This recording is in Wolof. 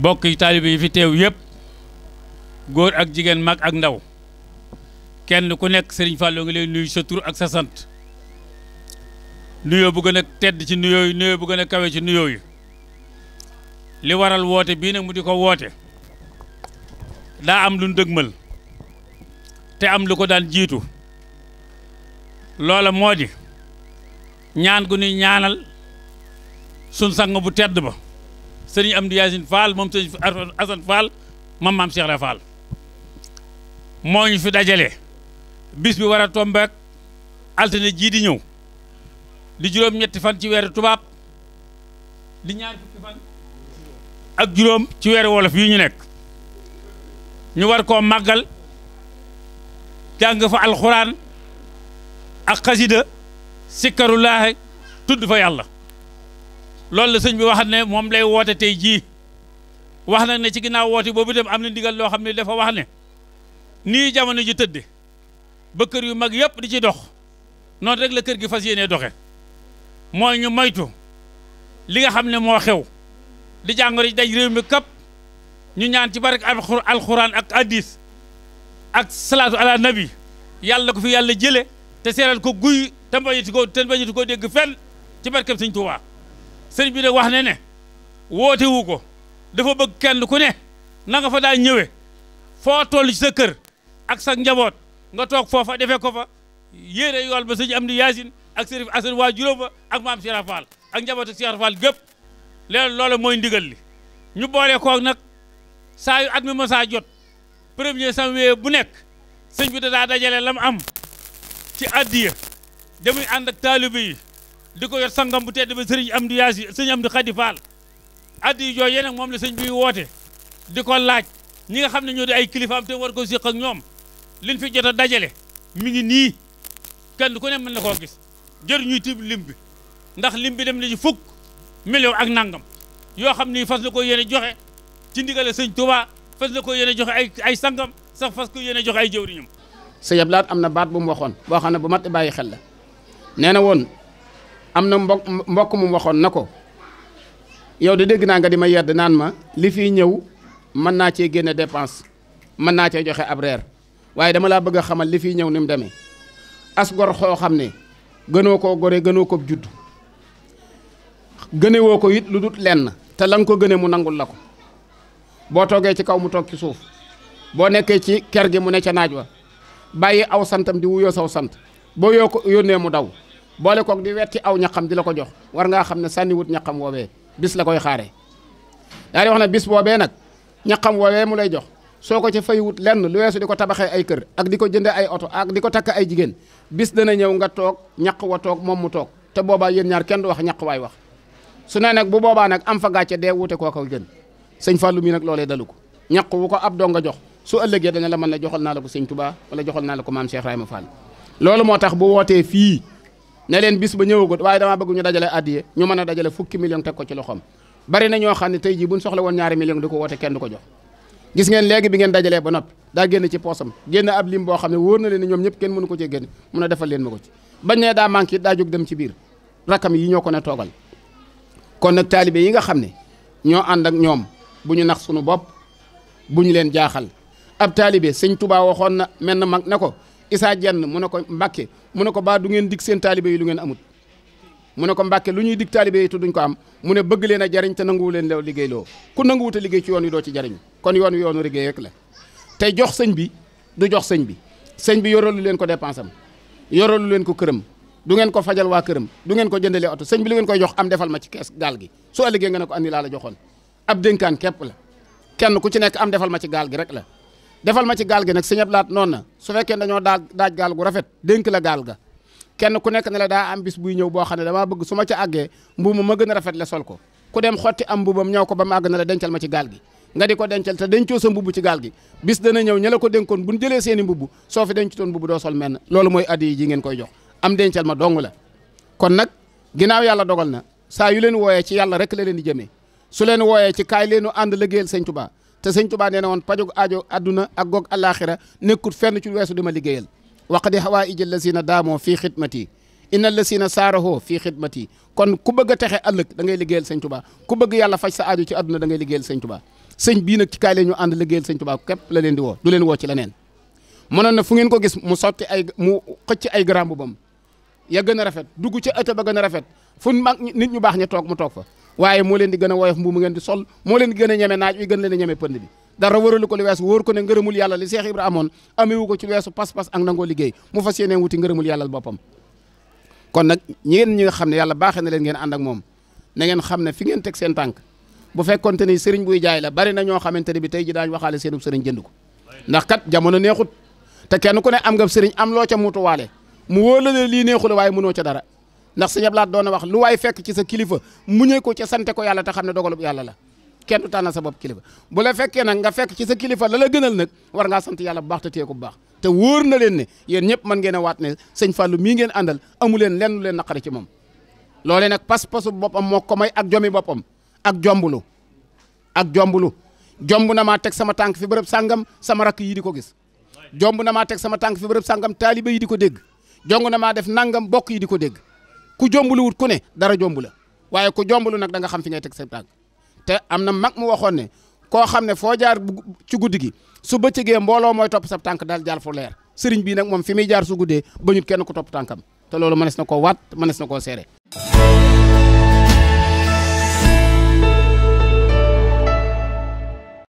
bokk yi taalibe yi fi teew yëpp góor ak jigéen mag ak ndaw kenn ku nekk sëriñ Fallou ngi lay nuyu sa tur ak sa sant nuyoo bu gën tedd ci nuyoo yi nuyoo bu gën kawe ci nuyooyu li waral woote bii nag mu di ko woote daa am lu nu dëgmal te am lu ko daan jiitu loola moo di ñaan ku ñuy ñaanal sun sang bu tedd ba sëriñ Amdi Yaasin Fall moom sëriñ Asan Fall mam maam Cheikh Ibra moo ñu fi dajale bis bi war a tombeek altine jii di ñëw di juróom-ñetti fan ci weer tubaab di ñaar fukki fan ak juróom ci weeru wolof yi ñu nekk ñu war koo màggal jàng fa alxuraan ak xasida sikkarulaahi tudd fa yàlla loolu la sëñ bi wax ne moom lay woote tey jii wax nag ne ci ginnaaw woote boobu dem am na ndigal loo xam ne dafa wax ne nii jamono ji tëdde ba kër yu mag yëpp di ci dox noonu rek la kër gi fas yéenee doxe mooy ñu moytu li nga xam ne moo xew di jàngoro ji daj réew mi kap ñu ñaan ci barke alxuraan ak addis ak salaatu ala nabi yàlla ko fi yàlla jële te seeral ko guy te bañati ko te bañati ko dégg fenn ci barkeb sëñ waa sëriñ bi de wax ne ne woote wu ko dafa bëgg kenn ku ne na nga fa daa ñëwee foo toll ci sa kër ak sa njaboot nga toog foofa defee ko fa yéene yool ba sëñ Amdi Yaasin ak sëriñ Asan waa juróom ba ak maam Cheikh Fall ak njaboot ak Cheikh Fall gépp léegi loolu mooy ndigal li ñu boole koog nag saa yu at mi ma saa jot premier samedi bu nekk sëñ bi da daa dajale lam am ci addiya damuy ànd ak taalibe yi di ko yor sangam bu tedd ba sëriñ Amdi Yaasi sëriñ Amdi Xadi Faal addi jooju nag moom la sëñ bi woote di ko laaj ñi nga xam ne ñoo di ay kilifaam te war koo séq ak ñoom liñ fi jot a dajale mi ngi nii kenn ku ne mën na koo gis jër ñuy tiib lim bi ndax lim bi dem na ci fukk million ak nangam yoo xam ni fas na ko yéene joxe ci ndigale sëñ Tuubaa fas na ko yéene joxe ay ay sangam sax fas ko yéene joxe ay jëwriñam. sëñ Ablaat am na baat bu mu waxoon boo xam ne bu mat bàyyi xel la nee na woon. am na mbokk mbokk mu waxoon na ko yow de dégg naa nga di ma yedd naan ma li fiy ñëw mën naa cee génne dépense mën naa cee joxe ab reer waaye dama laa bëgg a xamal li fiy ñëw ni mu demee as gor xoo xam ne gënoo ko gore gënoo ko judd gënewoo ko it lu dut lenn te la nga ko gëne mu nangul la ko boo toogee ci kaw mu toog ci suuf boo nekkee ci ker gi mu ne ca naaj wa bàyyi aw santam di wuyoo saw sant boo yoo ko yónnee mu daw boole koog di wetti aw ñaqam di la ko jox war ngaa xam ne sànniwut ñaqam woowee bis la koy xaare daal wax na bis boobee nag ñaqam woowee mu lay jox soo ko ci faywut lenn lu weesu di ko tabaxee ay kër ak di ko jënde ay oto ak di ko takk ay jigéen bis dana ñëw nga toog ñaq wa toog moom mu toog te boobaa yéen ñaar kenn du wax ñaq waay wax su ne nag bu boobaa nag am fa gàcce dee wuute koo ko gën sëñ Fallou mii nag loolee dalu ko ñaq wu ko ab doo nga jox su ëllëgee dana la mën la joxal naa la ko sëñ Touba wala joxal naa ko maam Cheikh Rahima Fall loolu ne leen bis ba ñëwagut waaye damaa bëgg ñu dajale addiye ñu mën a dajale fukki million teg ko ci loxoom bari na ñoo xam ne tey jii buñ soxla woon ñaari million di ko woote kenn du ko jox gis ngeen léegi bi ngeen dajalee ba noppi daa génn ci poosam génn ab lim boo xam ne wóor na leen ne ñoom ñëpp kenn mënu ko cee génn mun a defal leen ma ko ci bañ ne daa manqué daa jóg dem ci biir rakkam yi ñoo ko ne toogal kon nag taalibe yi nga xam ne ñoo ànd ak ñoom bu ñu nax suñu bopp bu leen jaaxal ab taalibe sëñ Tuubaa waxoon na mel na mag ne ko isaa jenn mu ne ko mbakke mu ne ko baa du ngeen dig seen taalibe yi lu ngeen amut mu ne ko mbàkke lu ñuy dig taalibe yi te duñ ko am mu ne bëgg leen a jariñ te nanguwu leen lew liggéey loo ku nanguwut a liggéey ci yoon wi doo ci jariñ kon yoon wi yoonu liggéey rek la tey jox sëñ bi du jox sëñ bi sëñ bi yoralu leen ko dépense am yoralu leen ko këram du ngeen ko fajal waa këram du ngeen ko jëndalee oto sëñ bi lu ngeen koy jox am defal ma ci kees gaal gi soo liggéey nga ne ko andi laa képp la kenn ku ci nekk am defal ma ci gaal gi rek la defal ma ci gaal gi nag sëñ Abdu noon na su fekkee dañoo daal daaj gaal gu rafet dénk la gaal ga kenn ku nekk ne la daa am bis buy ñëw boo xam ne damaa bëgg su ma ci àggee mbubu ma gën a rafet la sol ko ku dem xotti am mbubam ñaw ko ba mu àgg na la dencal ma ci gaal gi nga di ko dencal te dencoo sa mbubu ci gaal gi bis dana ñëw ña la ko dénkoon buñ jëlee seen i mbubu soo fi dencutoon mbubu doo sol menn loolu mooy addi yi ji ngeen koy jox am dencal ma dong la kon nag ginnaaw yàlla dogal na saa yu leen wooyee ci yàlla rek la leen di jëmee su leen wooyee ci kaay leenu ànd liggéeyal sëñ Tuubaa te sëñ Tuubaa nee na woon pajog aajo adduna ak goog àllaaxira nekkut fenn ci weesu di ma liggéeyal wax waqdi hawaa'ija allazina daamoo fii xidmati inna allazina saarahoo fii xidmati kon ku bëgg a texe ëllëg da ngay liggéeyal sëñ Tuubaa ku bëgg yàlla faj sa aajo ci adduna da ngay liggéeyal sëñ Tuubaa sëñ bii nag ci kaay leen ànd liggéeyal sëñ Tuubaa képp la leen di woo du leen woo ci leneen mënoon na fu ngeen ko gis mu sotti ay mu xëcc ay garambu bam ya gën a rafet dugg ci ëtt ba gën a rafet fu mag nit ñu baax ña toog mu toog fa waaye moo leen di gën a woyof mbuumu ngeen di sol moo leen di gën a ñeme naaj wi gën leen a ñeme pënd bi dara wëralu ko lu weesu wóor ko ne ngërëmul yàlla li Seex Ibra amoon amewu ko ci lu weesu pas-pas ak nangoo liggéey mu fas yéene wuti ngërëmul yàlla boppam kon nag ñeen ñi nga xam ne yàlla baaxee na leen ngeen ànd ak moom na ngeen xam ne fi ngeen teg seen tànk bu fekkonte ni sëriñ buy jaay la bari na ñoo xamante ne bi tey ji daañ waxaale seenub sëriñ jënd jamono neexut te kenn ku ne am nga sëriñ am loo ca mutuwaale mu wóor la ne lii neexul waaye mënoo ca dara ndax sëñ Ablaat doon na wax lu waay fekk ci sa kilifa muñee ko ca sante ko yàlla te xam ne dogalub yàlla la kenn du tànn sa bopp kilifa bu la fekkee nag nga fekk ci sa kilifa la gënal nag war ngaa sant yàlla bu baax te téye ko bu baax te wóor na leen ne yéen ñëpp man ngeen a waat ne sëñ Fallou mii ngeen àndal amu leen lenn lu leen naqari ci moom loolee nag pas-pasu boppam moo ko may ak jomi boppam ak jombulu ak jombulu jombu na maa teg sama tànk fi bërëb sàngam sama rakk yi di ko gis jomb na maa teg sama tànk fi bërëb sàngam taaliba yi di ko dégg jong na maa def nangam bokk yi di ko dégg ku jombulu wut ku ne dara jombula waaye ku jombulu nag da nga xam fi ngay teg sa tànk te am na mag mu waxoon ne koo xam ne foo jaar ci guddi gi su bëccëgee mbooloo mooy topp sa tànk daal jaar fu leer sëriñ bii nag moom fi muy jaar su guddee bañut kenn ku topp tànkam te loolu mënees na koo waat mënees na koo seere